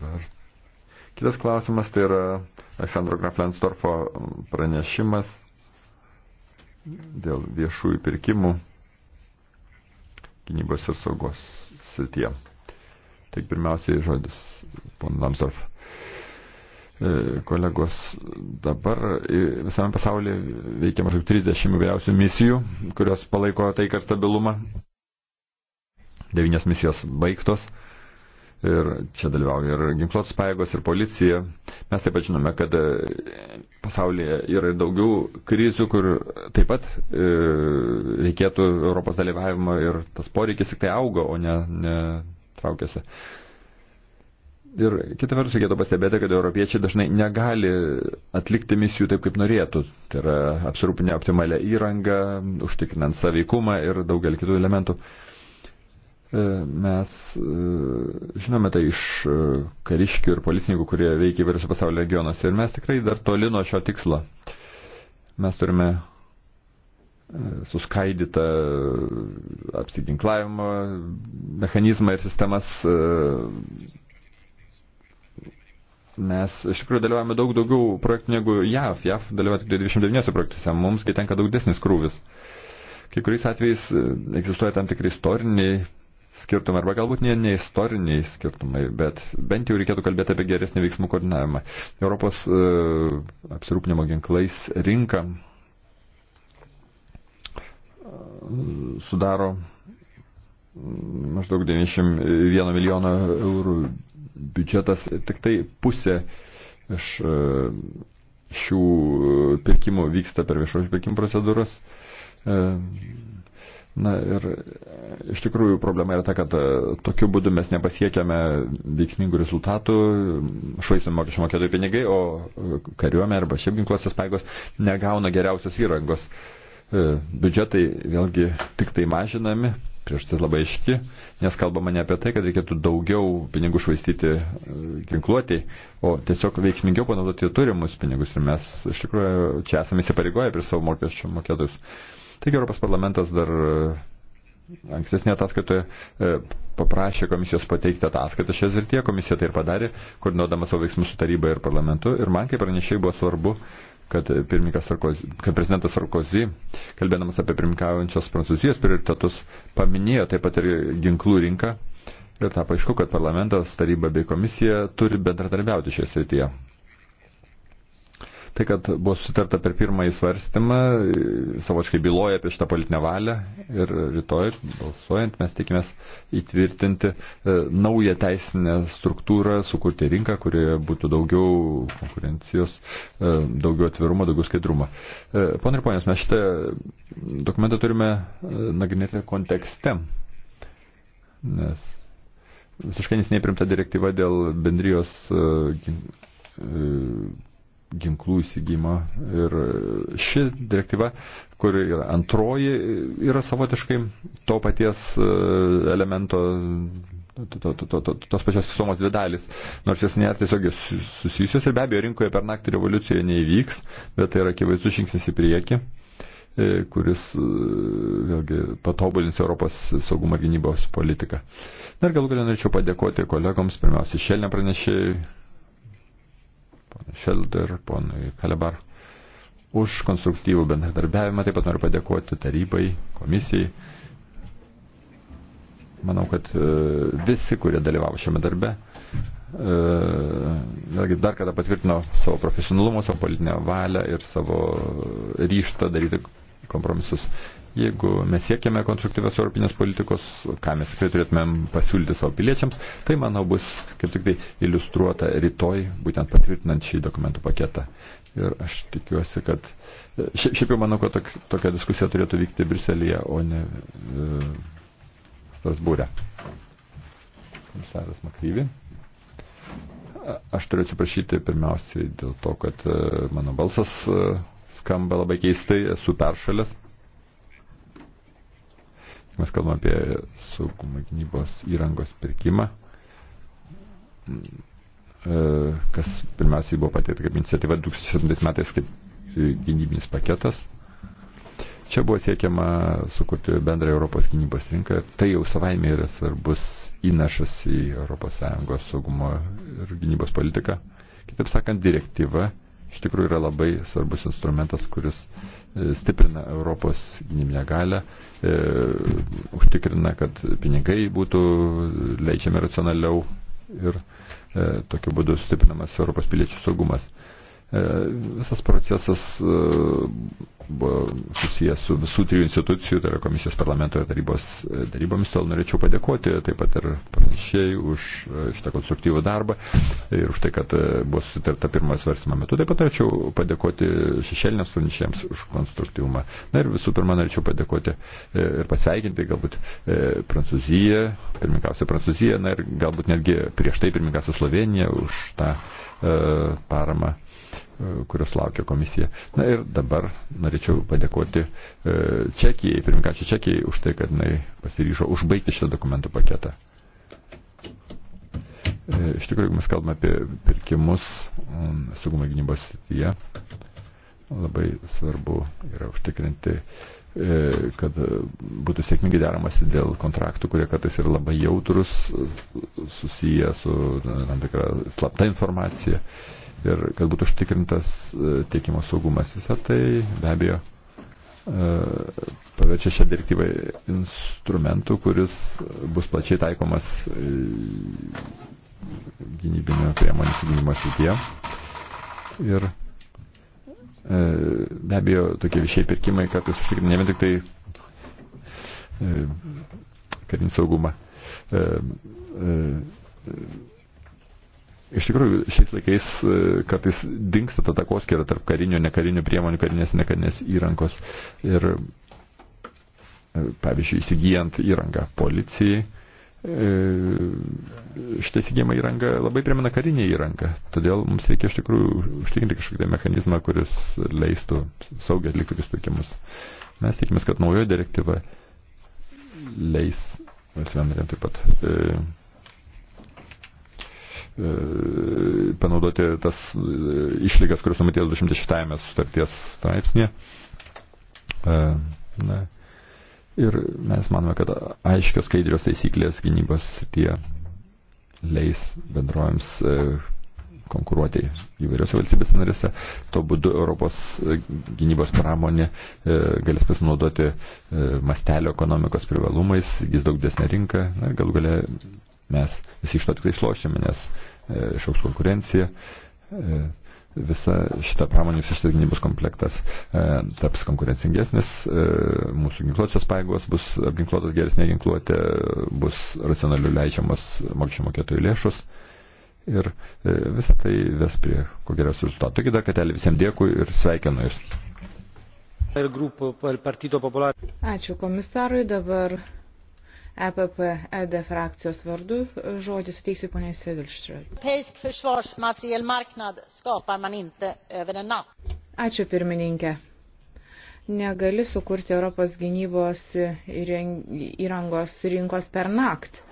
Dabar. Kitas klausimas tai yra Aleksandro Graflensdorfo pranešimas dėl viešųjų pirkimų gynybos ir saugos srityje. Tik pirmiausiai žodis, pon Lamsdorf. E, kolegos, dabar e, visame pasaulyje veikia maždaug 30 įvairiausių misijų, kurios palaiko taiką ir stabilumą. Devynios misijos baigtos ir čia dalyvauja ir ginkluotos pajėgos, ir policija. Mes taip pat žinome, kad e, pasaulyje yra ir daugiau krizių, kur taip pat e, reikėtų Europos dalyvavimo ir tas poreikis tik tai auga, o ne, ne traukiasi. Ir kitą vertus reikėtų pastebėti, kad europiečiai dažnai negali atlikti misijų taip, kaip norėtų. Tai yra apsirūpinę optimalią įrangą, užtikrinant saveikumą ir daugelį kitų elementų. E, E, mes e, žinome tai iš e, kariškių ir policininkų, kurie veikia įvairiose pasaulio regionuose ir mes tikrai dar toli nuo šio tikslo. Mes turime suskaidytą apsiginklavimo mechanizmą ir sistemas. Mes iš tikrųjų dalyvavome daug daugiau projektų negu JAV. JAV dalyvavo tik 29 projektuose, mums kai tenka daug desnis krūvis. Kai kuriais atvejais egzistuoja tam tikri istoriniai skirtumai, arba galbūt ne, ne istoriniai skirtumai, bet bent jau reikėtų kalbėti apie geresnį veiksmų koordinavimą. Europos uh, apsirūpinimo ginklais rinka e, sudaro maždaug 91 milijono eurų biudžetas, tik tai pusė iš e, šių pirkimų vyksta per viešųjų pirkimų procedūras. Na ir e, iš tikrųjų problema yra ta, kad e, tokiu būdu mes nepasiekiame veiksmingų rezultatų, švaisime mokesčių mokėtojų pinigai, o e, kariuomenė arba šiaip ginkluosios paėgos negauna geriausios įrangos. Biudžetai vėlgi tik tai mažinami, priežastis labai aiški, nes kalbama ne apie tai, kad reikėtų daugiau pinigų švaistyti ginkluotėjai, o tiesiog veiksmingiau panaudoti turimus pinigus ir mes iš tikrųjų čia esame įsipareigoję prie savo mokesčių mokėtojus. Taigi Europos parlamentas dar e, ankstesnė ataskaitoje e, paprašė komisijos pateikti ataskaitą šią srityje, komisija tai ir padarė, koordinuodama savo veiksmus su taryba ir parlamentu. Ir man kaip pranešėjai buvo svarbu, kad, Sarkozy, kad prezidentas Sarkozy, kalbėdamas apie pirmininkaujančios Prancūzijos prioritetus, paminėjo taip pat ir ginklų rinką. Ir tapo aišku, kad parlamentas, taryba bei komisija turi bendradarbiauti šioje srityje. Tai, kad buvo sutarta per pirmąjį svarstymą, savočkai byloja apie šitą politinę valią ir rytoj balsuojant mes tikimės įtvirtinti e, naują teisinę struktūrą, sukurti rinką, kurioje būtų daugiau konkurencijos, e, daugiau atvirumo, daugiau skaidrumo. E, Pone ir ponės, mes šitą dokumentą turime nagrinėti kontekste. Nes visiškai nesiniai primta direktyva dėl bendrijos ginklų įsigymą. Ir ši direktyva, kuri yra antroji, yra savotiškai to paties e, elemento, to, to, to, to, tos pačios somos dvi dalis. Nors jos nėra tiesiog susijusios ir be abejo rinkoje per naktį revoliucija neįvyks, bet tai yra akivaizdus žingsnis į priekį e, kuris e, vėlgi patobulins Europos saugumo gynybos politiką. Dar galų galę norėčiau padėkoti kolegoms, pirmiausia, šelnė pranešėjai, ponui Šelder, ponui Kalebar, už konstruktyvų bendradarbiavimą. Taip pat noriu padėkoti tarybai, komisijai. Manau, kad e, visi, kurie dalyvavo šiame darbe, e, dar kada patvirtino savo profesionalumą, savo politinę valią ir savo ryštą daryti kompromisus. Jeigu mes siekiame konstruktyvios europinės politikos, ką mes tikrai turėtumėm pasiūlyti savo piliečiams, tai, manau, bus kaip tik tai iliustruota rytoj, būtent patvirtinant šį dokumentų paketą. Ir aš tikiuosi, kad šiaip jau manau, kad tokia diskusija turėtų vykti Briselėje, o ne e, Strasbūrė. Komisaras Makryvi. Aš turiu atsiprašyti pirmiausiai dėl to, kad e, mano balsas e, skamba labai keistai, esu peršalęs. Mes kalbame apie saugumo gynybos įrangos pirkimą, e, kas pirmiausiai buvo patėta kaip iniciatyva 2007 metais kaip e, gynybinis paketas. Čia buvo siekiama sukurti bendrą Europos gynybos rinką. Tai jau savaime yra svarbus įnašas į ES saugumo ir gynybos politiką. Kitaip sakant, direktyva iš tikrųjų yra labai svarbus instrumentas, kuris e, stiprina Europos gynybinę galę, e, užtikrina, kad pinigai būtų leidžiami racionaliau ir e, tokiu būdu stiprinamas Europos piliečių saugumas. E, E, visas procesas e, buvo susijęs su visų trijų institucijų, tai yra komisijos parlamento ir tarybos e, tarybomis, tol norėčiau padėkoti taip pat ir panašiai už šitą konstruktyvų darbą ir už tai, kad buvo sutarta pirmojo svarstymo metu. Taip pat norėčiau padėkoti šešėlinės pranešėjams už konstruktyvumą. Na ir visų pirma, norėčiau padėkoti ir pasveikinti galbūt Prancūziją, pirmiausia Prancūziją, na ir galbūt netgi prieš tai pirmiausia Sloveniją už tą e, paramą E, kurios laukia komisija. Na ir dabar norėčiau padėkoti e, Čekijai, pirmkačiai Čekijai, už tai, kad jinai pasiryžo užbaigti šitą dokumentų paketą. E, iš tikrųjų, jeigu mes kalbame apie pirkimus mm, saugumo gynybos srityje, labai svarbu yra užtikrinti, kad būtų sėkmingai deramasi dėl kontraktų, kurie kartais yra labai jautrus, susiję su tam tikra slapta informacija ir kad būtų užtikrintas e, tiekimo saugumas. Visą tai be abejo e, paverčia šią direktyvą instrumentų, kuris bus plačiai taikomas e, gynybinio priemonės gynimo srityje. Ir be abejo, tokie viešiai pirkimai kartais užtikrina ne vien tik tai karinį saugumą. Iš tikrųjų, šiais laikais e, kartais dinksta ta takoskira tarp karinio, nekarinio priemonių, karinės, nekarinės įrankos. Ir, e, pavyzdžiui, įsigijant įrangą policijai, e, šitą įsigijimą įrangą labai primena karinę įrangą. Todėl mums reikia iš tikrųjų užtikrinti kažkokį tai mechanizmą, kuris leistų saugiai atlikti tokius pirkimus. Mes tikimės, kad naujoji direktyva leis valstybėm taip pat. E, E, panaudoti tas e, išlygas, kurios numatytos 206 sutarties straipsnėje. E, na, ir mes manome, kad aiškios skaidrios taisyklės gynybos tie leis bendrojams konkuruoti įvairiose valstybės narėse. Tuo būdu Europos gynybos pramonė galės pasinaudoti mastelio ekonomikos privalumais, gis daug desnė rinka, na, gal galia Mes visi iš to tik išlošėme, nes e, išauks konkurencija. E, visa šita pramonės šitas gynybos komplektas e, taps konkurencingesnis, e, mūsų ginkluotės paėgos bus apginkluotas geresnė ginkluotė, bus racionalių leidžiamas mokesčių mokėtojų lėšus ir e, visą tai ves prie ko geriausių rezultatų. Taigi dar kartelį visiems dėkui ir sveikinu Jūs. Ačiū komisarui, dabar EPP ED frakcijos vardu žodį suteiksiu ponė Svedilštrui. Ačiū pirmininkė. Negali sukurti Europos gynybos įrangos rinkos per nakt.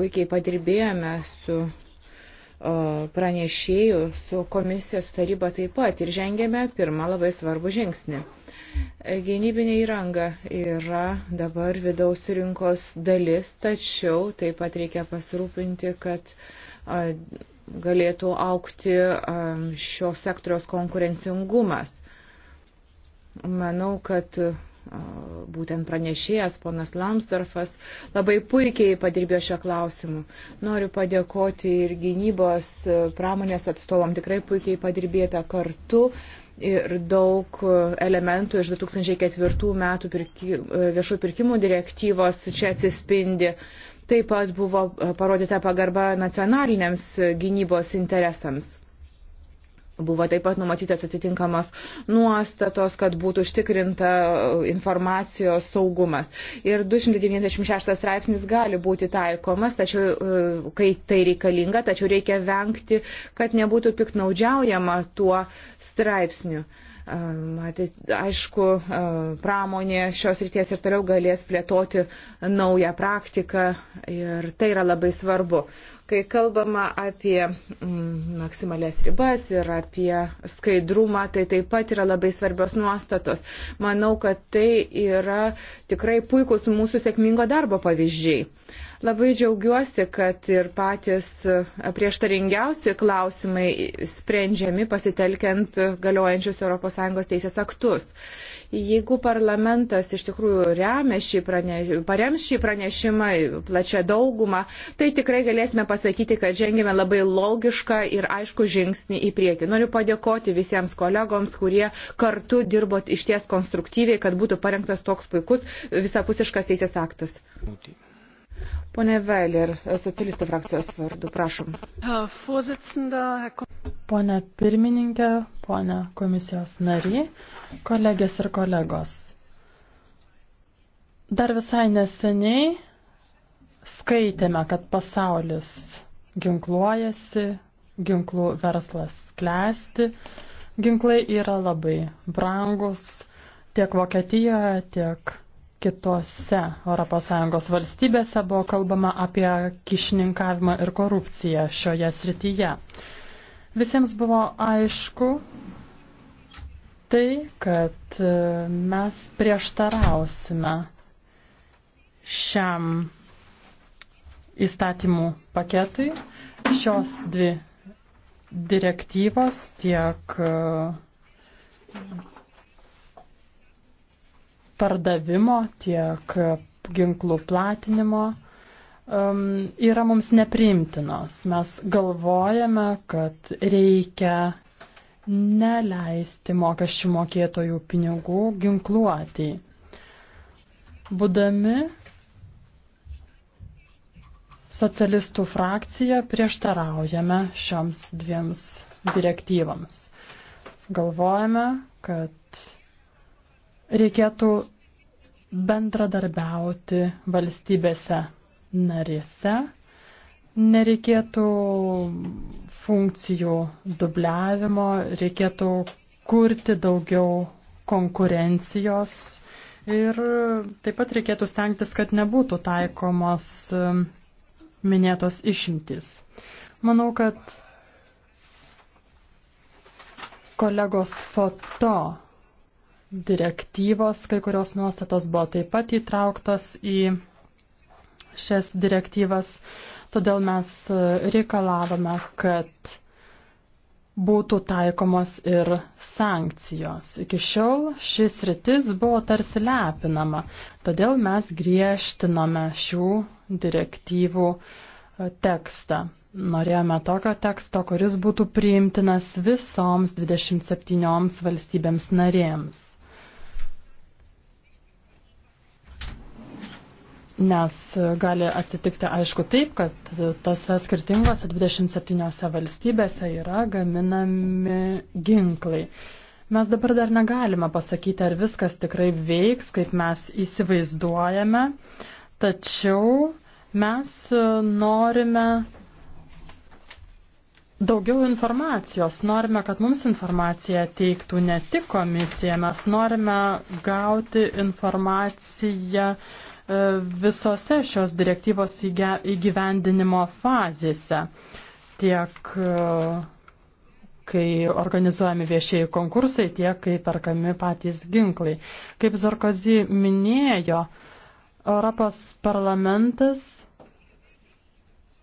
Puikiai padirbėjome su pranešėjų su komisijos taryba taip pat ir žengėme pirmą labai svarbų žingsnį. Gynybinė įranga yra dabar vidaus rinkos dalis, tačiau taip pat reikia pasirūpinti, kad galėtų aukti šio sektoriaus konkurencingumas. Manau, kad būtent pranešėjas, ponas Lamsdorfas, labai puikiai padirbėjo šio klausimu. Noriu padėkoti ir gynybos e, pramonės atstovom, tikrai puikiai padirbėta kartu ir daug elementų iš 2004 metų pirki, e, viešų pirkimų direktyvos čia atsispindi. Taip pat buvo e, parodyta pagarba nacionaliniams gynybos interesams. Buvo taip pat numatytas atitinkamos nuostatos, kad būtų užtikrinta uh, informacijos saugumas. Ir 296 straipsnis gali būti taikomas, tačiau, uh, kai tai reikalinga, tačiau reikia vengti, kad nebūtų piknaudžiaujama tuo straipsniu. Um, aišku, uh, pramonė šios ryties ir toliau galės plėtoti naują praktiką ir tai yra labai svarbu. Kai kalbama apie mm, maksimalės ribas ir apie skaidrumą, tai taip pat yra labai svarbios nuostatos. Manau, kad tai yra tikrai puikus mūsų sėkmingo darbo pavyzdžiai. Labai džiaugiuosi, kad ir patys prieštaringiausi klausimai sprendžiami pasitelkiant galiojančius ES teisės aktus. Jeigu parlamentas iš tikrųjų remia šį pranešimą, parems šį pranešimą plačia daugumą, tai tikrai galėsime pasakyti, kad žengėme labai logišką ir aišku žingsnį į priekį. Noriu padėkoti visiems kolegoms, kurie kartu dirbo išties konstruktyviai, kad būtų parengtas toks puikus visapusiškas teisės aktas. Pone Veiler, socialistų frakcijos vardu, prašom. Pone pirmininkė, pone komisijos nariai, Kolegės ir kolegos, dar visai neseniai skaitėme, kad pasaulis ginkluojasi, ginklų verslas klesti, ginklai yra labai brangus tiek Vokietijoje, tiek kitose ES valstybėse buvo kalbama apie kišininkavimą ir korupciją šioje srityje. Visiems buvo aišku, tai, kad e, mes prieštarausime šiam įstatymų paketui. Šios dvi direktyvos tiek e, pardavimo, tiek ginklų platinimo um, yra mums nepriimtinos. Mes galvojame, kad reikia neleisti mokesčių mokėtojų pinigų ginkluoti. Būdami socialistų frakcija prieštaraujame šioms dviems direktyvams. Galvojame, kad reikėtų bendradarbiauti valstybėse narėse, nereikėtų funkcijų dubliavimo, reikėtų kurti daugiau konkurencijos ir taip pat reikėtų stengtis, kad nebūtų taikomos um, minėtos išimtis. Manau, kad kolegos foto direktyvos, kai kurios nuostatos buvo taip pat įtrauktos į šias direktyvas. Todėl mes e, reikalavome, kad būtų taikomos ir sankcijos. Iki šiol šis rytis buvo tarsi lepinama, todėl mes griežtinome šių direktyvų e, tekstą. Norėjome tokio teksto, kuris būtų priimtinas visoms 27 valstybėms narėms. Nes gali atsitikti aišku taip, kad tose skirtingose 27 valstybėse yra gaminami ginklai. Mes dabar dar negalime pasakyti, ar viskas tikrai veiks, kaip mes įsivaizduojame, tačiau mes norime daugiau informacijos. Norime, kad mums informaciją teiktų ne tik komisija, mes norime gauti informaciją uh, E, visose šios direktyvos įgyvendinimo fazėse, tiek e, kai organizuojami viešieji konkursai, tiek kai perkami patys ginklai. Kaip Zarkozy minėjo, Europos parlamentas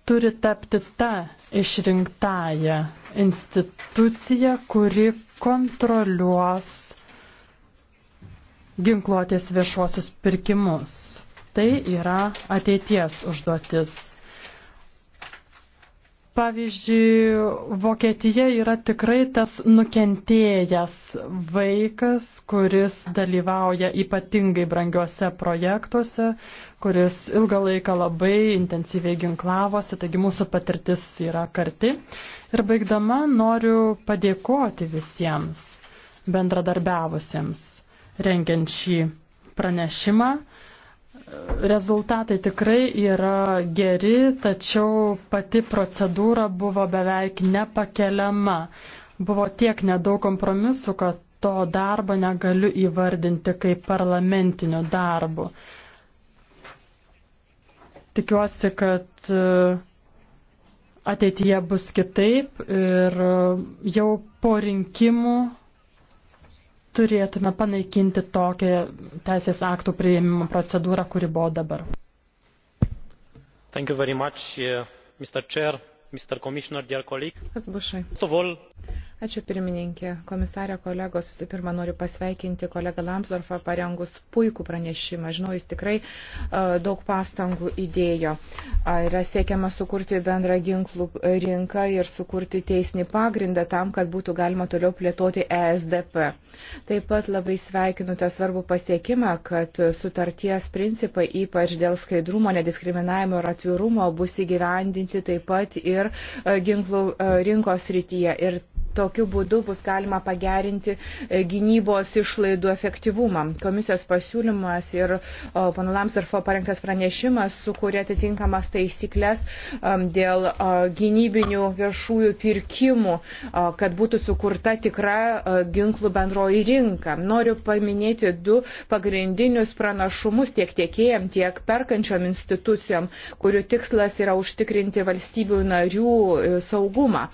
turi tapti ta išrinktąją instituciją, kuri kontroliuos ginkluotės viešuosius pirkimus. Tai yra ateities užduotis. Pavyzdžiui, Vokietija yra tikrai tas nukentėjęs vaikas, kuris dalyvauja ypatingai brangiuose projektuose, kuris ilgą laiką labai intensyviai ginklavosi, taigi mūsų patirtis yra karti. Ir baigdama noriu padėkoti visiems bendradarbiavusiems rengiant šį pranešimą. Rezultatai tikrai yra geri, tačiau pati procedūra buvo beveik nepakeliama. Buvo tiek nedaug kompromisų, kad to darbo negaliu įvardinti kaip parlamentiniu darbu. Tikiuosi, kad e, ateityje bus kitaip ir e, jau po rinkimų turėtume panaikinti tokią teisės aktų prieimimo procedūrą, kuri buvo dabar. Thank you very much, eh, Mr. Chair, Mr. Commissioner, dear colleague. First of all, Ačiū pirmininkė. Komisarė kolegos, visų pirma, noriu pasveikinti kolegą Lamsdorfą parengus puikų pranešimą. Žinau, jis tikrai uh, daug pastangų įdėjo. Uh, yra siekiama sukurti bendrą ginklų e, rinką ir sukurti teisinį pagrindą tam, kad būtų galima toliau plėtoti ESDP. Taip pat labai sveikinu tą svarbų pasiekimą, kad sutarties principai, ypač dėl skaidrumo, nediskriminavimo ir atvirumo, bus įgyvendinti taip pat ir uh, ginklų uh, rinkos rytyje. Ir Tokiu būdu bus galima pagerinti e, gynybos išlaidų efektyvumą. Komisijos pasiūlymas ir pano Lamsarfo parengtas pranešimas sukūrė atitinkamas taisyklės dėl gynybinių viešųjų pirkimų, kad būtų sukurta tikra ginklų bendroji rinka. Noriu paminėti du pagrindinius pranašumus tiek tiekėjam, tiek perkančiom institucijom, kurių tikslas yra užtikrinti valstybių narių e, saugumą.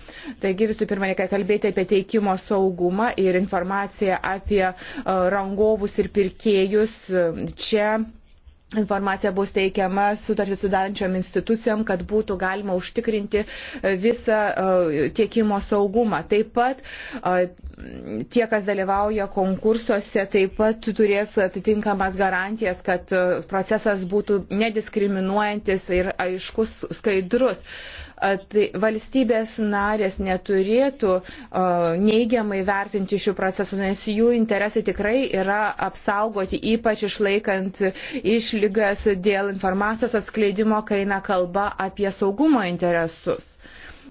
Taigi visų pirma, reikia kalbėti ataskaitą apie teikimo saugumą ir informaciją apie e, rangovus ir pirkėjus. Čia informacija bus teikiama sutartį sudarančiom institucijom, kad būtų galima užtikrinti e, visą e, tiekimo saugumą. Taip pat tie, kas dalyvauja konkursuose, taip pat turės atitinkamas garantijas, kad procesas būtų nediskriminuojantis ir aiškus, skaidrus. Tai valstybės narės neturėtų neigiamai vertinti šių procesų, nes jų interesai tikrai yra apsaugoti, ypač išlaikant išlygas dėl informacijos atskleidimo, kai eina kalba apie saugumo interesus.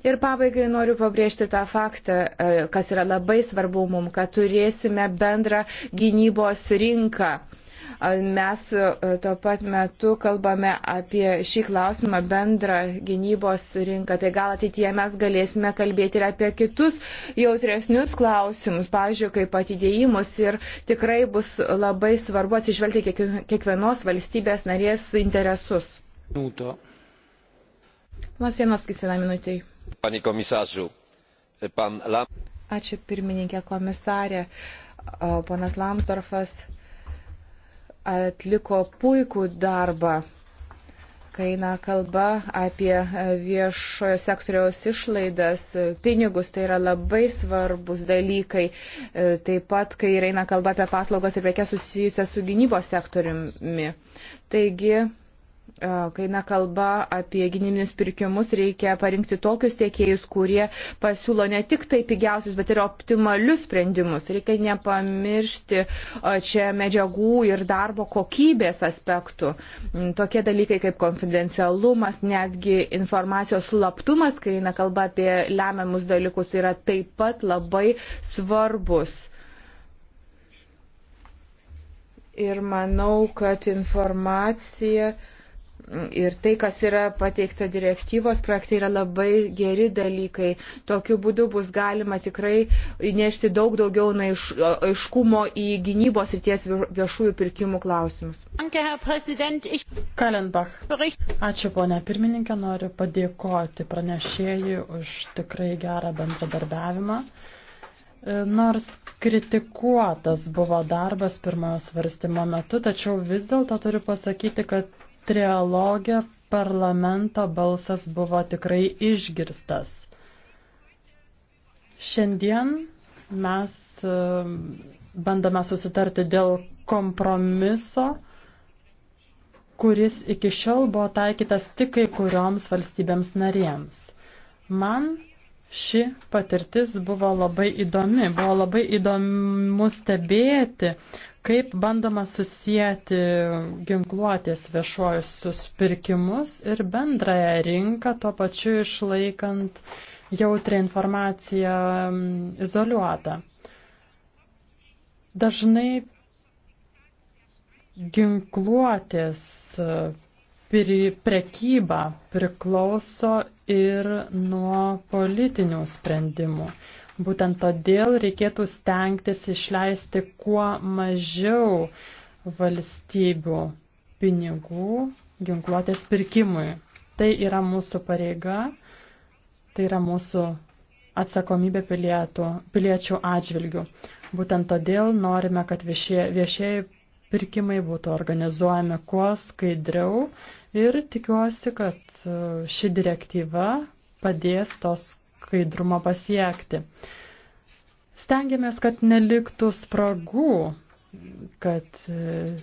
Ir pabaigai noriu pabrėžti tą faktą, e, kas yra labai svarbu mums, kad turėsime bendrą gynybos rinką Mes e, tuo pat metu kalbame apie šį klausimą bendrą gynybos rinką. Tai gal ateityje mes galėsime kalbėti ir apie kitus jautresnius klausimus, pavyzdžiui, kaip atidėjimus. Ir tikrai bus labai svarbu atsižvelgti kiekvienos valstybės narės interesus. Minuto. Masienovskis vieną minutį. Pani komisarzu, pan Lam. Ačiū pirmininkė komisarė. Ponas Lamsdorfas atliko puikų darbą, kai eina kalba apie viešojo sektoriaus išlaidas, pinigus, tai yra labai svarbus dalykai. Taip pat, kai eina kalba apie paslaugas ir prekes susijusias su gynybos sektoriumi. Taigi, E, kai na kalba apie gynybinius pirkimus, reikia parinkti tokius tiekėjus, kurie pasiūlo ne tik tai pigiausius, bet ir optimalius sprendimus. Reikia nepamiršti e, čia medžiagų ir darbo kokybės aspektų. Mm, tokie dalykai kaip konfidencialumas, netgi informacijos slaptumas, kai na kalba apie lemiamus dalykus, yra taip pat labai svarbus. Ir manau, kad informacija uh, Ir tai, kas yra pateikta direktyvos projektai, yra labai geri dalykai. Tokiu būdu bus galima tikrai įnešti daug daugiau naiš, aiškumo į gynybos ir ties viešųjų pirkimų klausimus. Kalenbach. Ačiū, ponia pirmininkė, noriu padėkoti pranešėjui už tikrai gerą bendradarbiavimą. E, nors kritikuotas buvo darbas pirmojo svarstymo metu, tačiau vis dėlto turiu pasakyti, kad trialogė parlamento balsas buvo tikrai išgirstas. Šiandien mes e, bandome susitarti dėl kompromiso, kuris iki šiol buvo taikytas tik kai kurioms valstybėms narėms. Man ši patirtis buvo labai įdomi, buvo labai įdomu stebėti, kaip bandoma susijęti ginkluotės viešuosius pirkimus ir bendrąją rinką, tuo pačiu išlaikant jautrę informaciją izoliuotą. Dažnai ginkluotės prekyba priklauso ir nuo politinių sprendimų. Būtent todėl reikėtų stengtis išleisti kuo mažiau valstybių pinigų ginkluotės pirkimui. Tai yra mūsų pareiga, tai yra mūsų atsakomybė pilietų, piliečių atžvilgių. Būtent todėl norime, kad viešie, viešieji pirkimai būtų organizuojami kuo skaidriau Ir tikiuosi, kad e, ši direktyva padės tos skaidrumo pasiekti. Stengiamės, kad neliktų spragų, kad e,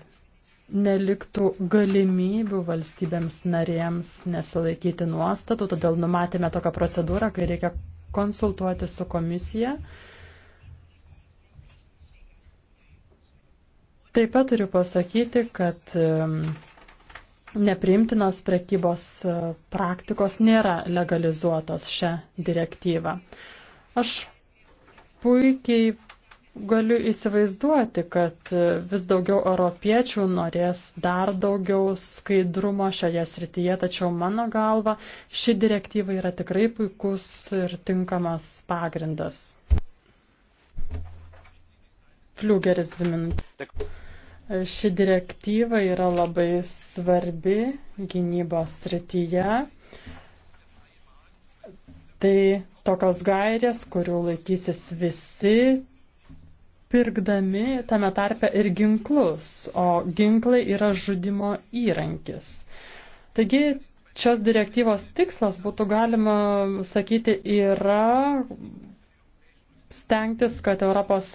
neliktų galimybių valstybėms narėms nesilaikyti nuostatų, todėl numatėme tokią procedūrą, kai reikia konsultuoti su komisija. Taip pat turiu pasakyti, kad nepriimtinos prekybos e, praktikos nėra legalizuotos šią direktyvą. Aš puikiai galiu įsivaizduoti, kad e, vis daugiau europiečių norės dar daugiau skaidrumo šioje srityje, tačiau mano galva ši direktyva yra tikrai puikus ir tinkamas pagrindas. Fliugeris dvi minutės. Ši direktyva yra labai svarbi gynybos srityje. Tai tokios gairės, kurių laikysis visi, pirkdami tame tarpe ir ginklus, o ginklai yra žudimo įrankis. Taigi šios direktyvos tikslas, būtų galima sakyti, yra stengtis, kad ES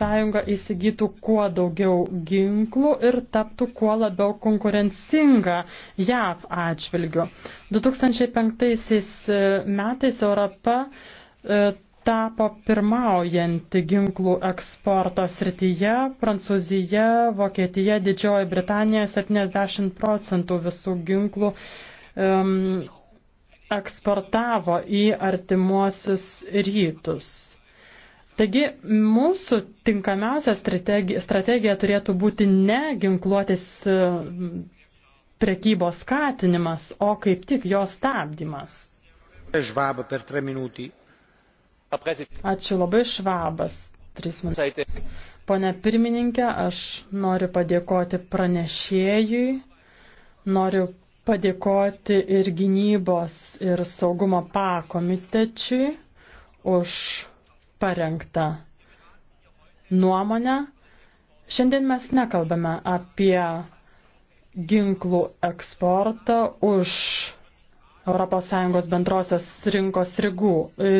įsigytų kuo daugiau ginklų ir taptų kuo labiau konkurencinga JAV atžvilgiu. 2005 e, metais Europa e, tapo pirmaujanti ginklų eksporto srityje, Prancūzija, Vokietija, Didžioji Britanija 70 procentų visų ginklų um, eksportavo į artimuosius rytus. Taigi mūsų tinkamiausia strategija, strategija turėtų būti ne ginkluotis e, prekybos skatinimas, o kaip tik jos stabdymas. Žvaba per 3 minutį. Ačiū labai švabas. 3 minutės. Pone pirmininkė, aš noriu padėkoti pranešėjui, noriu padėkoti ir gynybos ir saugumo pakomitečiui už parengtą nuomonę. Šiandien mes nekalbame apie ginklų eksportą už ES bendrosios rinkos rigų,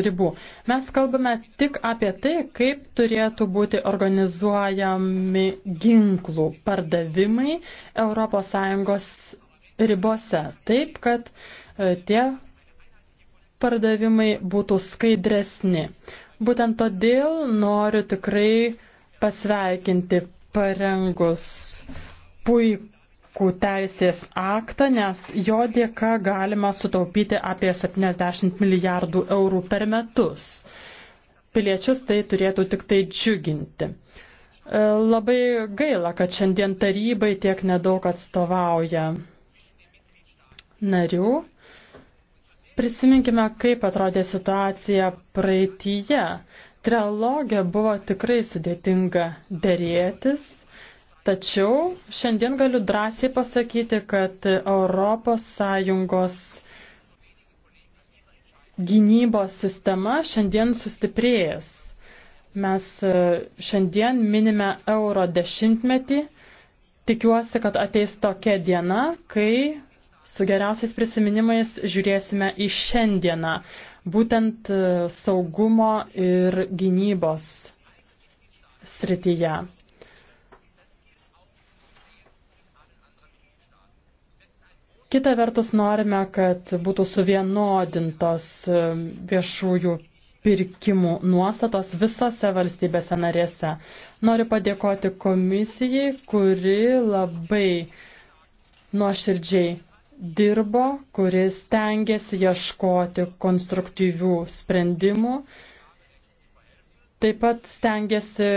ribų. Mes kalbame tik apie tai, kaip turėtų būti organizuojami ginklų pardavimai ES ribose, taip, kad e, tie pardavimai būtų skaidresni. Būtent todėl noriu tikrai pasveikinti parengus puikų bankų teisės aktą, nes jo dėka galima sutaupyti apie 70 milijardų eurų per metus. Piliečius tai turėtų tik tai džiuginti. E, labai gaila, kad šiandien tarybai tiek nedaug atstovauja narių. Prisiminkime, kaip atrodė situacija praeitįje. Trilogija buvo tikrai sudėtinga dėrėtis, tačiau šiandien galiu drąsiai pasakyti, kad ES gynybos sistema šiandien sustiprėjęs. Mes e, šiandien minime euro dešimtmetį. Tikiuosi, kad ateis tokia diena, kai su geriausiais prisiminimais žiūrėsime į šiandieną, būtent e, saugumo ir gynybos srityje. Kita vertus norime, kad būtų suvienodintos e, viešųjų pirkimų nuostatos visose valstybėse narėse. Noriu padėkoti komisijai, kuri labai nuoširdžiai dirbo, kuris tengiasi ieškoti konstruktyvių sprendimų, taip pat stengiasi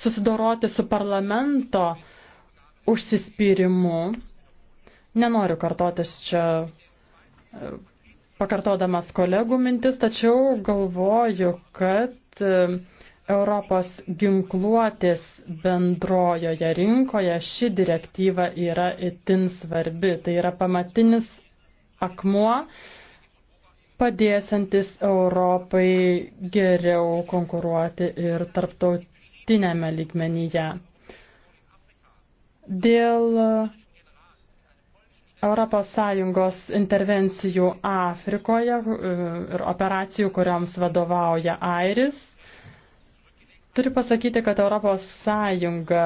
susidoroti su parlamento užsispyrimu. Nenoriu kartotis čia e, pakartodamas kolegų mintis, tačiau galvoju, kad e, Europos ginkluotės bendrojoje rinkoje ši direktyva yra itin svarbi. Tai yra pamatinis akmuo, padėsantis Europai geriau konkuruoti ir tarptautinėme lygmenyje. Dėl ES intervencijų Afrikoje e, ir operacijų, kuriams vadovauja Airis, Turiu pasakyti, kad Europos Sąjunga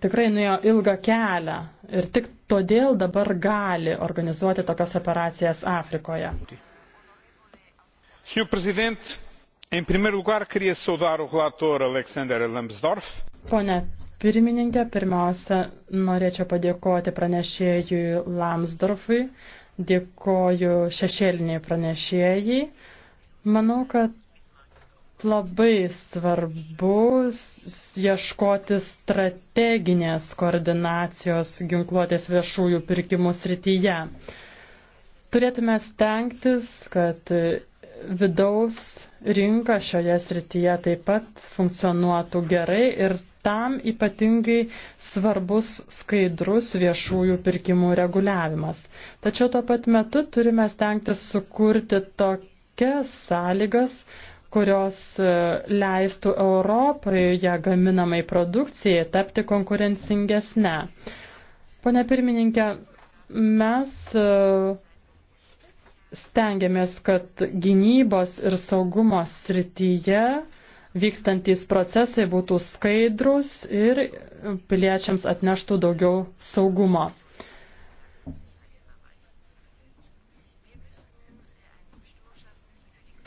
tikrai nuėjo ilgą kelią ir tik todėl dabar gali organizuoti tokias operacijas Afrikoje. Senhor Presidente, em primeiro lugar queria saudar o relator Alexander Lambsdorff. Pone pirmininkė, pirmiausia, norėčiau padėkoti pranešėjui Lambsdorffui, dėkoju šešėliniai pranešėjai. Manau, kad labai svarbu ieškoti strateginės koordinacijos ginkluotės viešųjų pirkimų srityje. Turėtume stengtis, kad vidaus rinka šioje srityje taip pat funkcionuotų gerai ir tam ypatingai svarbus skaidrus viešųjų pirkimų reguliavimas. Tačiau tuo pat metu turime stengtis sukurti tokias sąlygas, kurios e, leistų Europoje gaminamai produkcijai tapti konkurencingesnę. Pone pirmininkė, mes e, stengiamės, kad gynybos ir saugumo srityje vykstantys procesai būtų skaidrus ir piliečiams atneštų daugiau saugumo.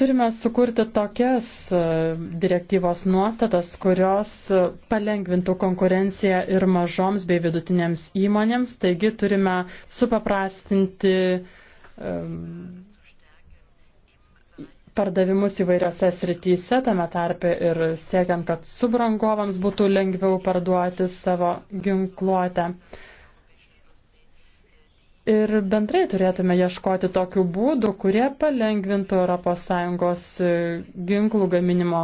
Turime sukurti tokias e, direktyvos nuostatas, kurios palengvintų konkurenciją ir mažoms bei vidutinėms įmonėms, taigi turime supaprastinti e, pardavimus įvairiose srityse, tame tarpe ir siekiant, kad subrangovams būtų lengviau parduoti savo ginkluotę. Ir bendrai turėtume ieškoti tokių būdų, kurie palengvintų ES e, ginklų gaminimo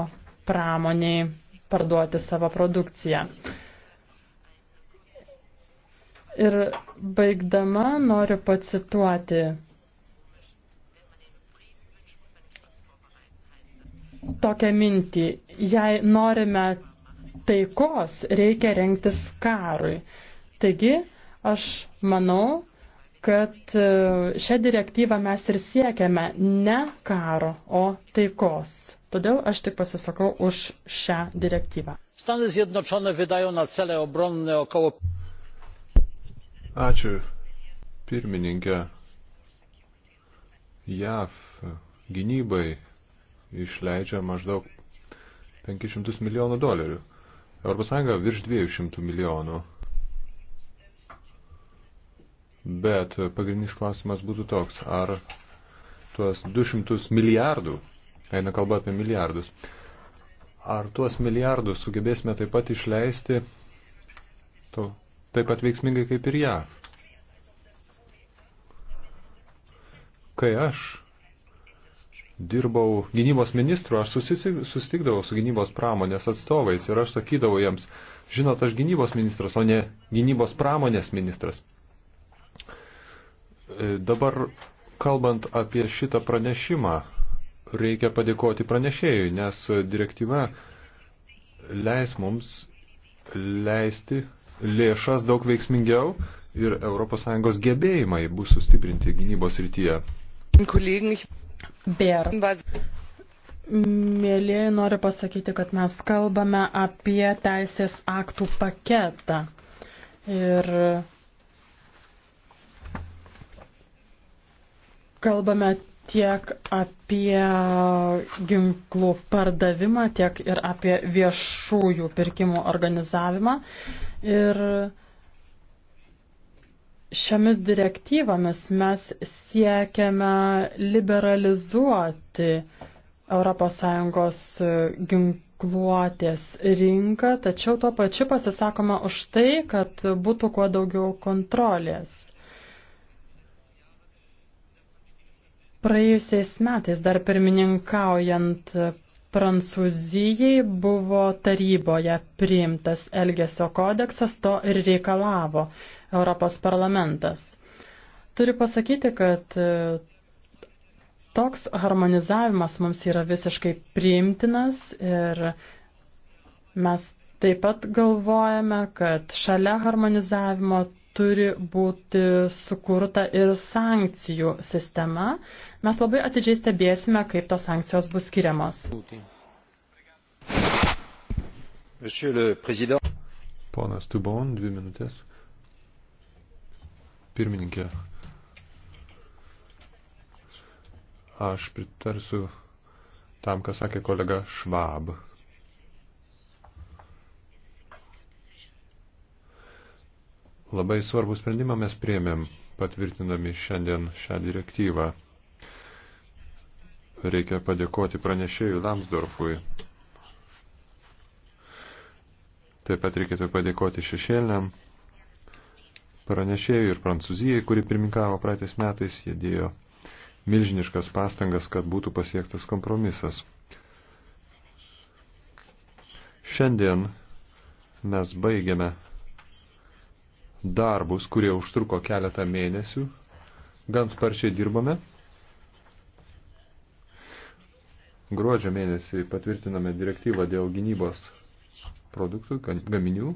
pramoniai parduoti savo produkciją. Ir baigdama noriu pacituoti tokią mintį. Jei norime taikos, reikia rengtis karui. Taigi, aš manau, kad e, šią direktyvą mes ir siekiame ne karo, o taikos. Todėl aš tik pasisakau už šią direktyvą. Stany Zjednoczone wydają na cele obronne około. Ačiū, pirmininkė. JAV gynybai išleidžia maždaug 500 milijonų dolerių. ES virš 200 milijonų. Bet pagrindinis klausimas būtų toks, ar tuos 200 milijardų, eina kalba apie milijardus, ar tuos milijardus sugebėsime taip pat išleisti to, taip pat veiksmingai kaip ir ją. Kai aš dirbau gynybos ministru, aš susitikdavau su gynybos pramonės atstovais ir aš sakydavau jiems, žinot, aš gynybos ministras, o ne gynybos pramonės ministras. Dabar kalbant apie šitą pranešimą, reikia padėkoti pranešėjui, nes direktyva leis mums leisti lėšas daug veiksmingiau ir ES gebėjimai bus sustiprinti gynybos rytyje. Bėr. Mėlyje noriu pasakyti, kad mes kalbame apie teisės aktų paketą. Ir kalbame tiek apie ginklų pardavimą, tiek ir apie viešųjų pirkimų organizavimą. Ir šiomis direktyvomis mes siekiame liberalizuoti ES ginkluotės rinką, tačiau tuo pačiu pasisakoma už tai, kad būtų kuo daugiau kontrolės. Praėjusiais metais dar pirmininkaujant Prancūzijai buvo taryboje priimtas Elgesio kodeksas, to ir reikalavo Europos parlamentas. Turiu pasakyti, kad e, toks harmonizavimas mums yra visiškai priimtinas ir mes taip pat galvojame, kad šalia harmonizavimo turi būti sukurta ir sankcijų sistema. Mes labai atidžiai stebėsime, kaip tos sankcijos bus skiriamos. Ponas Tubon, dvi minutės. Pirmininkė, aš pritarsiu tam, ką sakė kolega Švab. Labai svarbų sprendimą mes priemėm patvirtinami šiandien šią direktyvą. Reikia padėkoti pranešėjui Lamsdorfui. Taip pat reikėtų padėkoti šešėliniam pranešėjui ir Prancūzijai, kuri pirminkavo praeitais metais, jie dėjo milžiniškas pastangas, kad būtų pasiektas kompromisas. Šiandien mes baigiame darbus, kurie užtruko keletą mėnesių. Gan sparčiai dirbame. Gruodžio mėnesį patvirtiname direktyvą dėl gynybos produktų, gaminių.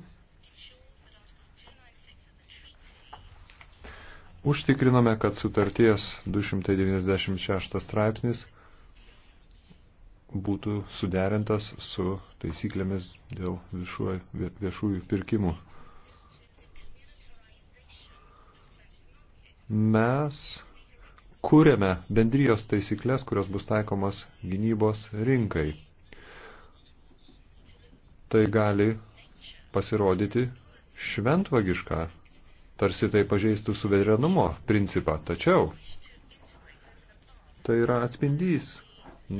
Užtikrinome, kad sutarties 296 straipsnis būtų suderintas su taisyklėmis dėl viešųjų pirkimų. mes kūrėme bendrijos taisyklės, kurios bus taikomas gynybos rinkai. Tai gali pasirodyti šventvagiška, tarsi tai pažeistų suverenumo principą, tačiau tai yra atspindys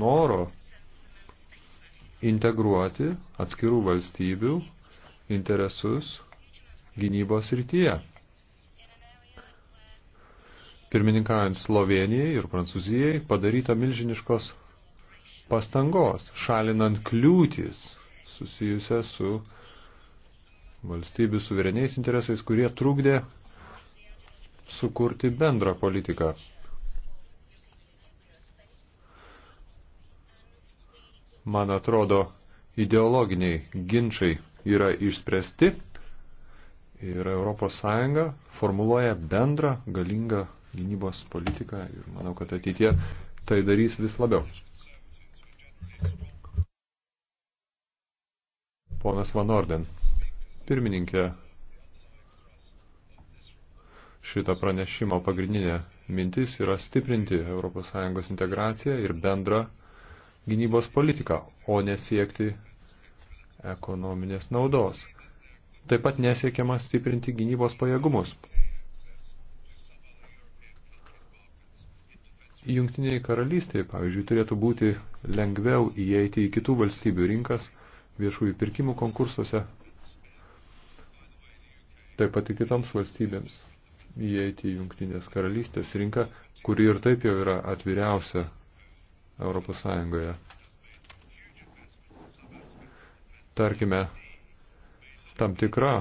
noro integruoti atskirų valstybių interesus gynybos rytyje pirmininkaujant Slovenijai ir Prancūzijai padaryta milžiniškos pastangos, šalinant kliūtis susijusią su valstybių suvereniais interesais, kurie trukdė sukurti bendrą politiką. Man atrodo, ideologiniai ginčiai yra išspręsti ir ES formuluoja bendrą galingą gynybos politiką ir manau, kad ateitie tai darys vis labiau. Ponas Van Orden, pirmininkė, šito pranešimo pagrindinė mintis yra stiprinti ES integraciją ir bendrą gynybos politiką, o nesiekti ekonominės naudos. Taip pat nesiekiama stiprinti gynybos pajėgumus. Jungtiniai karalystiai, pavyzdžiui, turėtų būti lengviau įeiti į kitų valstybių rinkas viešųjų pirkimų konkursuose, taip pat ir kitoms valstybėms įeiti į Jungtinės karalystės rinką, kuri ir taip jau yra atviriausia Europos Sąjungoje. Tarkime, tam tikra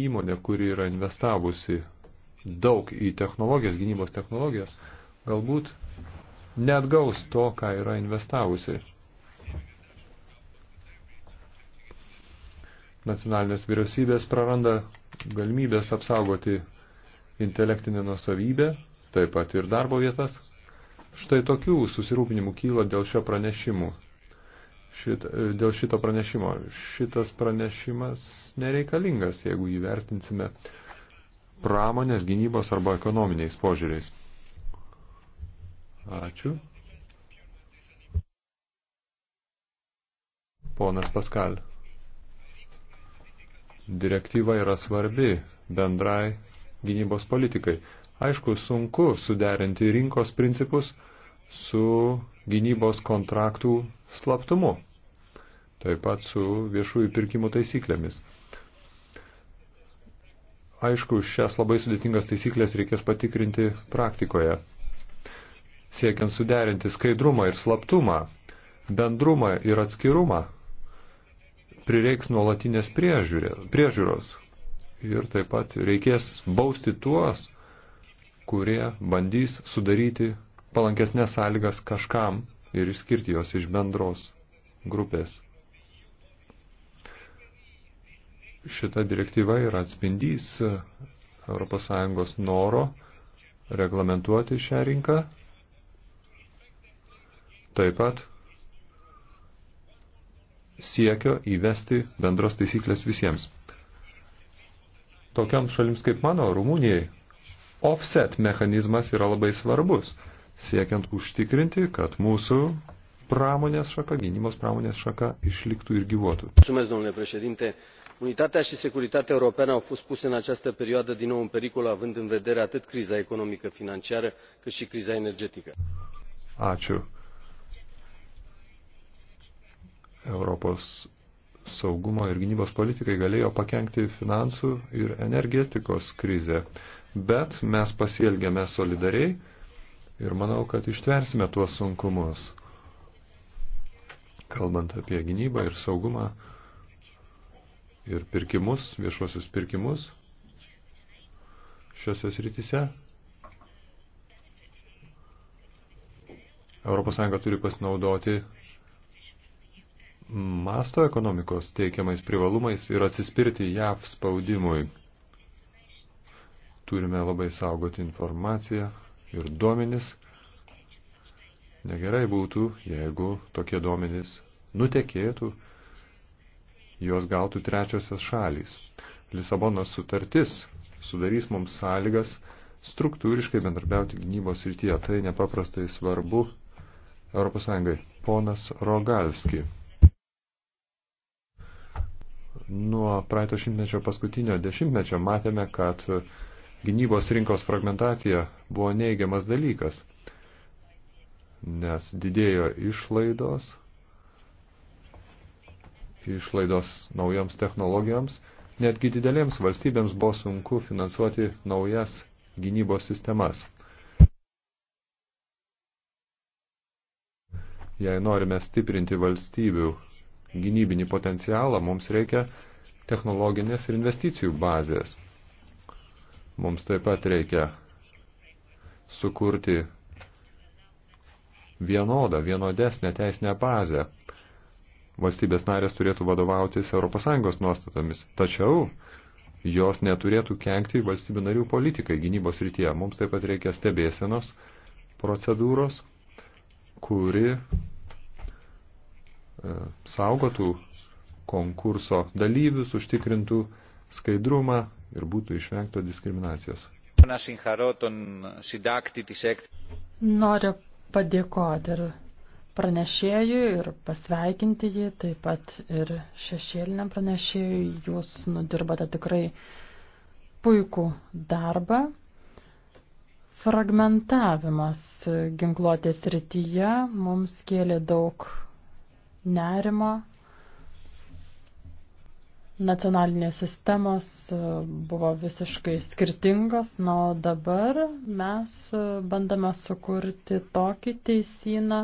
įmonė, kuri yra investavusi daug į technologijas, gynybos technologijas, galbūt neatgaus to, ką yra investavusi. Nacionalinės vyriausybės praranda galimybės apsaugoti intelektinę nusavybę, taip pat ir darbo vietas. Štai tokių susirūpinimų kyla dėl šio pranešimų. Šit, dėl šito pranešimo. Šitas pranešimas nereikalingas, jeigu įvertinsime pramonės, gynybos arba ekonominiais požiūriais. Ačiū. Ponas Paskal. Direktyva yra svarbi bendrai gynybos politikai. Aišku, sunku suderinti rinkos principus su gynybos kontraktų slaptumu, taip pat su viešųjų pirkimų taisyklėmis. Aišku, šias labai sudėtingas taisyklės reikės patikrinti praktikoje siekiant suderinti skaidrumą ir slaptumą, bendrumą ir atskirumą, prireiks nuolatinės priežiūros. Ir taip pat reikės bausti tuos, kurie bandys sudaryti palankesnės sąlygas kažkam ir išskirti jos iš bendros grupės. Šita direktyva yra atspindys ES noro reglamentuoti šią rinką Taip pat siekio įvesti bendros taisyklės visiems. Tokiams šalims kaip mano, Rumunijai, offset mechanizmas yra labai svarbus, siekiant užtikrinti, kad mūsų pramonės šaka, gynybos pramonės šaka išliktų ir gyvuotų. Mulțumesc, domnule președinte. Unitatea și securitatea europeană au fost puse în această perioadă din nou în pericol, având în vedere atât criza economică financiară, cât și criza energetică. Ačiū. Europos saugumo ir gynybos politikai galėjo pakengti finansų ir energetikos krizę. Bet mes pasielgėme solidariai ir manau, kad ištversime tuos sunkumus. Kalbant apie gynybą ir saugumą ir pirkimus, viešuosius pirkimus šiuose srityse, ES turi pasinaudoti masto ekonomikos teikiamais privalumais ir atsispirti JAV spaudimui. Turime labai saugoti informaciją ir duomenis. Negerai būtų, jeigu tokie duomenys nutekėtų, juos gautų trečiosios šalys. Lisabonos sutartis sudarys mums sąlygas struktūriškai bendarbiauti gynybos rytyje. Tai nepaprastai svarbu ES. Ponas Rogalski. Nuo praeito šimtmečio paskutinio dešimtmečio matėme, kad gynybos rinkos fragmentacija buvo neigiamas dalykas, nes didėjo išlaidos, išlaidos naujoms technologijoms, netgi didelėms valstybėms buvo sunku finansuoti naujas gynybos sistemas. Jei norime stiprinti valstybių gynybinį potencialą, mums reikia technologinės ir investicijų bazės. Mums taip pat reikia sukurti vienodą, vienodesnę teisinę bazę. Valstybės narės turėtų vadovautis ES nuostatomis, tačiau jos neturėtų kenkti valstybių narių politikai gynybos rytyje. Mums taip pat reikia stebėsenos procedūros, kuri E, saugotų konkurso dalyvius, užtikrintų skaidrumą ir būtų išvengta diskriminacijos. Noriu padėkoti ir pranešėjui ir pasveikinti jį, taip pat ir šešėliniam pranešėjui. Jūs nudirbate tikrai puikų darbą. Fragmentavimas ginkluotės rytyje mums kėlė daug nerimo. Nacionalinės sistemos e, buvo visiškai skirtingos, na, o dabar mes e, bandame sukurti tokį teisyną,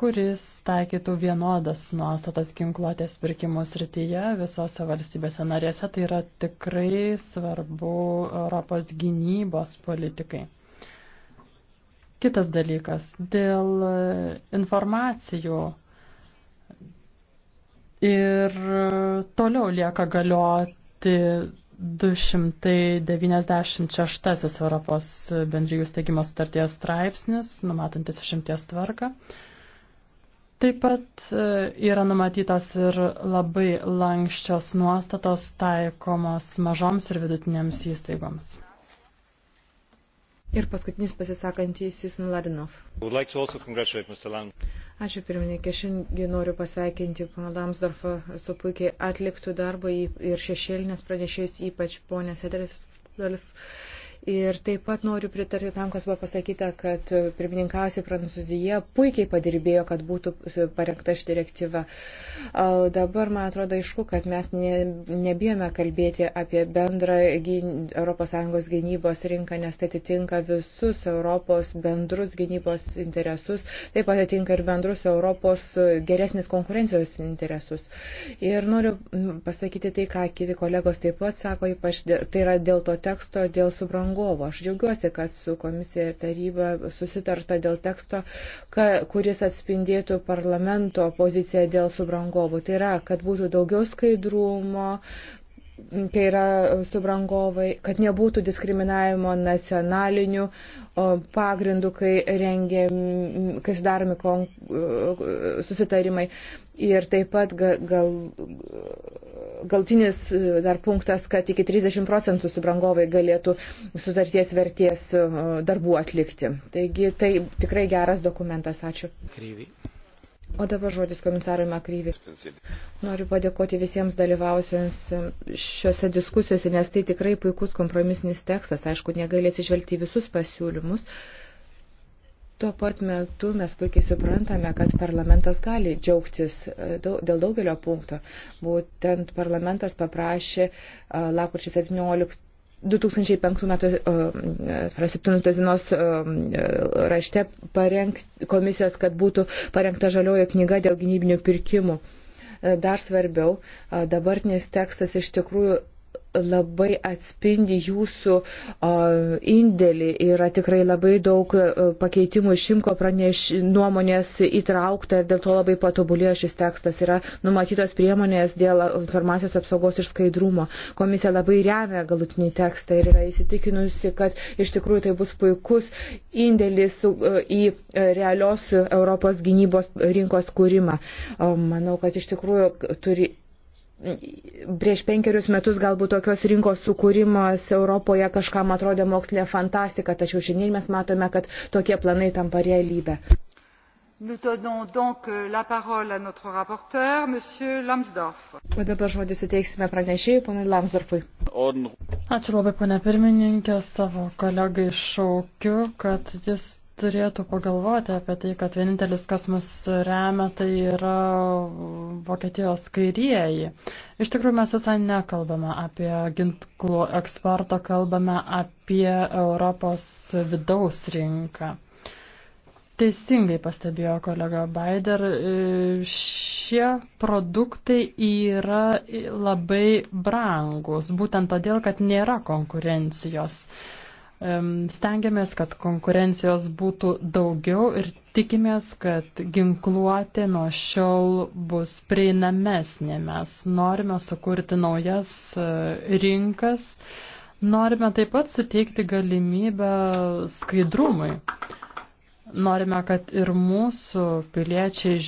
kuris taikytų vienodas nuostatas ginkluotės pirkimo srityje visose valstybėse narėse. Tai yra tikrai svarbu Europos gynybos politikai. Kitas dalykas - dėl e, informacijų Ir e, toliau lieka galioti 296 Europos bendrijų steigimo sutarties straipsnis, numatantis išimties tvarką. Taip pat e, yra numatytos ir labai lankščios nuostatos taikomos mažoms ir vidutinėms įstaigoms. Ir paskutinis pasisakantysis Mladenov. Like Ačiū pirmininkė. Šiandien noriu pasveikinti pana Lamsdorfą su puikiai atliktų darbą ir šešėlinės pranešėjus, ypač ponės Edrės. Ir taip pat noriu pritarti tam, kas buvo pasakyta, kad pirmininkausi Prancūzija puikiai padirbėjo, kad būtų parengta ši direktyva. Dabar, man atrodo, aišku, kad mes ne, nebijome kalbėti apie bendrą ES gynybos rinką, nes tai atitinka visus Europos bendrus gynybos interesus, taip pat atitinka ir bendrus Europos geresnis konkurencijos interesus. Ir noriu pasakyti tai, ką kiti kolegos taip pat sako, ypač tai yra dėl to teksto, dėl subrango rangovo. Aš džiaugiuosi, kad su komisija ir taryba susitarta dėl teksto, ka, kuris atspindėtų parlamento poziciją dėl subrangovų. Tai yra, kad būtų daugiau skaidrumo, kai yra e, subrangovai, kad nebūtų diskriminavimo nacionalinių pagrindų, kai, rengiam, kai sudaromi kon, e, susitarimai. Ir taip pat gal, gal, galtinis e, dar punktas, kad iki 30 procentų subrangovai galėtų sutarties vertės darbų atlikti. Taigi tai tikrai geras dokumentas. Ačiū. Kryvį. O dabar žodis komisarui Makryvis. Noriu padėkoti visiems dalyvausiems šiuose diskusijose, nes tai tikrai puikus kompromisnis tekstas. Aišku, negalės išvelgti visus pasiūlymus. Tuo pat metu mes puikiai suprantame, kad parlamentas gali džiaugtis e, dėl daugelio punkto. Būtent parlamentas paprašė e, lakurčio 17 2005 metų ar e, 7 e, dienos e, rašte parengt, komisijos, kad būtų parengta žaliojo knyga dėl gynybinių pirkimų. Dar svarbiau, dabartinis tekstas iš tikrųjų labai atspindi jūsų o, indėlį. Yra tikrai labai daug e, pakeitimų šimko praneš nuomonės įtraukta ir dėl to labai patobulėjo šis tekstas. Yra numatytos priemonės dėl informacijos apsaugos ir skaidrumo. Komisija labai remia galutinį tekstą ir yra įsitikinusi, kad iš tikrųjų tai bus puikus indėlis e, į e, realios Europos gynybos rinkos kūrimą. O, manau, kad iš tikrųjų turi prieš penkerius metus galbūt tokios rinkos sukūrimas Europoje kažkam atrodė mokslinė fantastika, tačiau šiandien mes matome, kad tokie planai tampa realybė. Euh, o dabar žodį suteiksime pranešėjui, ponui Lamsdorfui. Ačiū labai, ponė pirmininkė, savo kolegai šaukiu, kad jis turėtų pagalvoti apie tai, kad vienintelis, kas mus remia, tai yra Vokietijos kairieji. Iš tikrųjų, mes visai nekalbame apie ginklų eksportą, kalbame apie Europos vidaus rinką. Teisingai pastebėjo kolega Baider, šie produktai yra labai brangus, būtent todėl, kad nėra konkurencijos. Stengiamės, kad konkurencijos būtų daugiau ir tikimės, kad ginkluotė nuo šiol bus prieinamesnė. Mes norime sukurti naujas e, rinkas, norime taip pat suteikti galimybę skaidrumui. Norime, kad ir mūsų piliečiai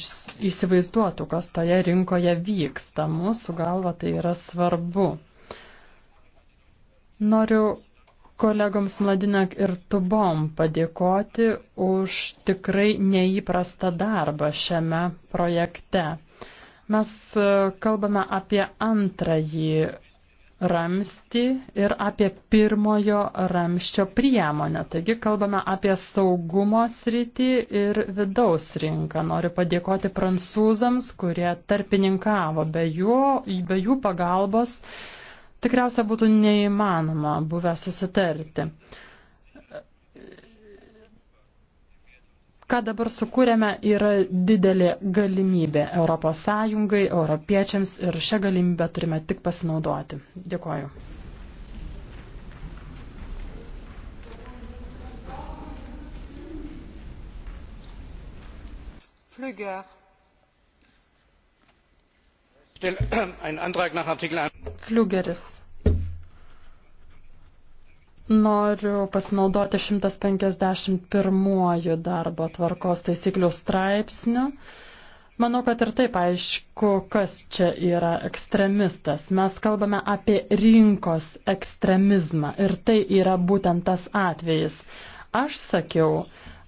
įsivaizduotų, kas toje rinkoje vyksta. Mūsų galva tai yra svarbu. Noriu kolegoms Mladinak ir Tubom padėkoti už tikrai neįprastą darbą šiame projekte. Mes e, kalbame apie antrąjį ramstį ir apie pirmojo ramščio priemonę. Taigi kalbame apie saugumo sritį ir vidaus rinką. Noriu padėkoti prancūzams, kurie tarpininkavo. Be jų, be jų pagalbos tikriausia būtų neįmanoma buvę susitarti. Ką dabar sukūrėme yra didelė galimybė Europos Sąjungai, europiečiams ir šią galimybę turime tik pasinaudoti. Dėkoju. Flügger. Fliugeris. Äh, Noriu pasinaudoti 151 darbo tvarkos taisyklių straipsnių. Manau, kad ir taip aišku, kas čia yra ekstremistas. Mes kalbame apie rinkos ekstremizmą ir tai yra būtent tas atvejis. Aš sakiau,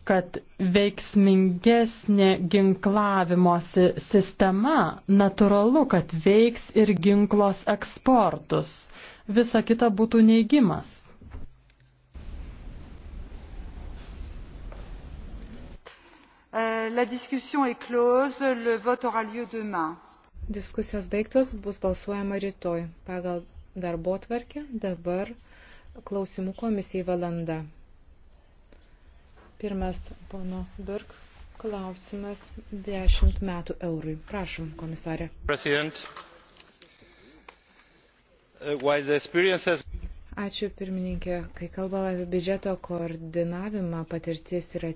kad veiksmingesnė ginklavimosi sistema natūralu, kad veiks ir ginklos eksportus. Visa kita būtų neigimas. Euh, la discussion est close, le vote aura lieu demain. Diskusijos baigtos, bus balsuojama rytoj pagal darbo tvarkę, dabar klausimų komisijai valanda. Pirmas pono Birk klausimas 10 metų eurui. Prašom, komisarė. Uh, Ačiū pirmininkė. Kai kalbame apie biudžeto koordinavimą, patirtis yra